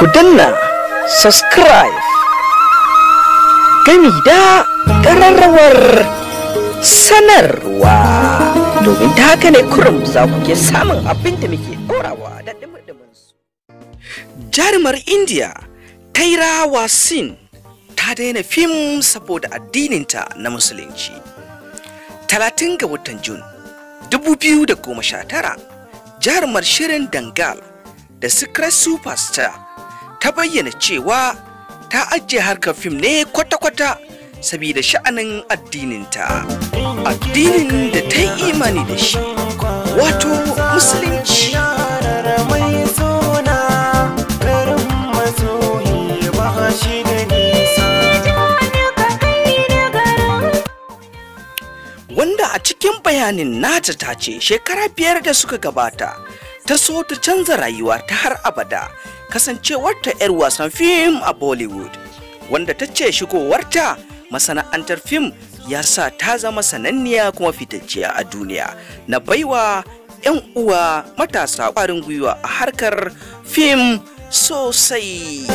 ku danna subscribe gami da ƙararrawar sanarwa domin ta haka ne kurum za ku ke samun abin da muke ɗorawa da ɗimɗimin su. jarumar india taira wasin ta daina fim saboda addininta na musulunci talatin ga watan jun 2019 jarumar shirin dangal da secret superstar ta bayyana cewa ta ajiye harkar fim ne kwata-kwata saboda sha'anin addininta addinin da ta yi imani da shi wato musulunci wanda a cikin bayanin nata ta ce shekara biyar da suka gabata ta so ta canza rayuwa ta har abada kasancewarta 'yar wasan fim a Bollywood, wanda ta ce shigowarta masana'antar fim ya sa ta zama sananniya kuma fitacciya a duniya na baiwa 'yan uwa matasa ƙwarin gwiwa a harkar fim sosai.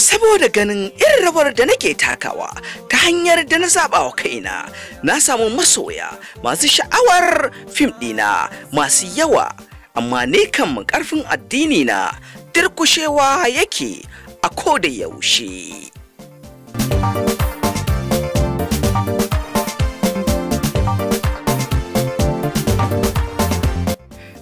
Saboda ganin irin rawar da nake takawa hanyar da na zaɓa wa kaina na samu masoya masu sha'awar fim ɗina masu yawa amma ne kan ƙarfin addini na dirkushewa yake a ko da yaushe.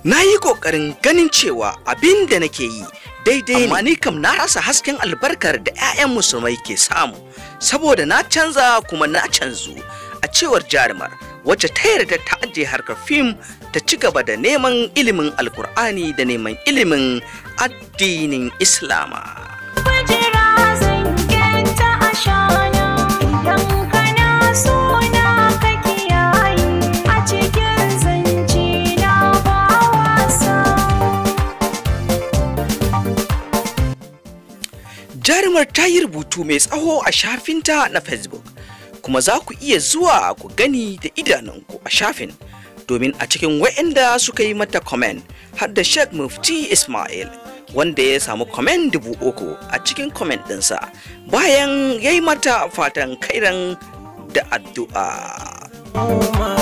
na yi ƙoƙarin ganin cewa abin da nake yi daidai ne amma ni kam na rasa hasken albarkar da 'ya'yan musulmai ke samu saboda na canza kuma na canzu a cewar jarumar wacce ta yarda ta ajiye harkar fim ta ci gaba da neman ilimin alkur'ani da neman ilimin addinin islama rubutu mai tsaho a shafinta na facebook kuma za ku iya zuwa ku gani da idanunku a shafin domin a cikin waɗanda suka yi mata comment har da sheikh mufti ismail wanda ya samu comment dubu uku a cikin comment ɗinsa bayan ya yi mata fatan kairan da addu'a.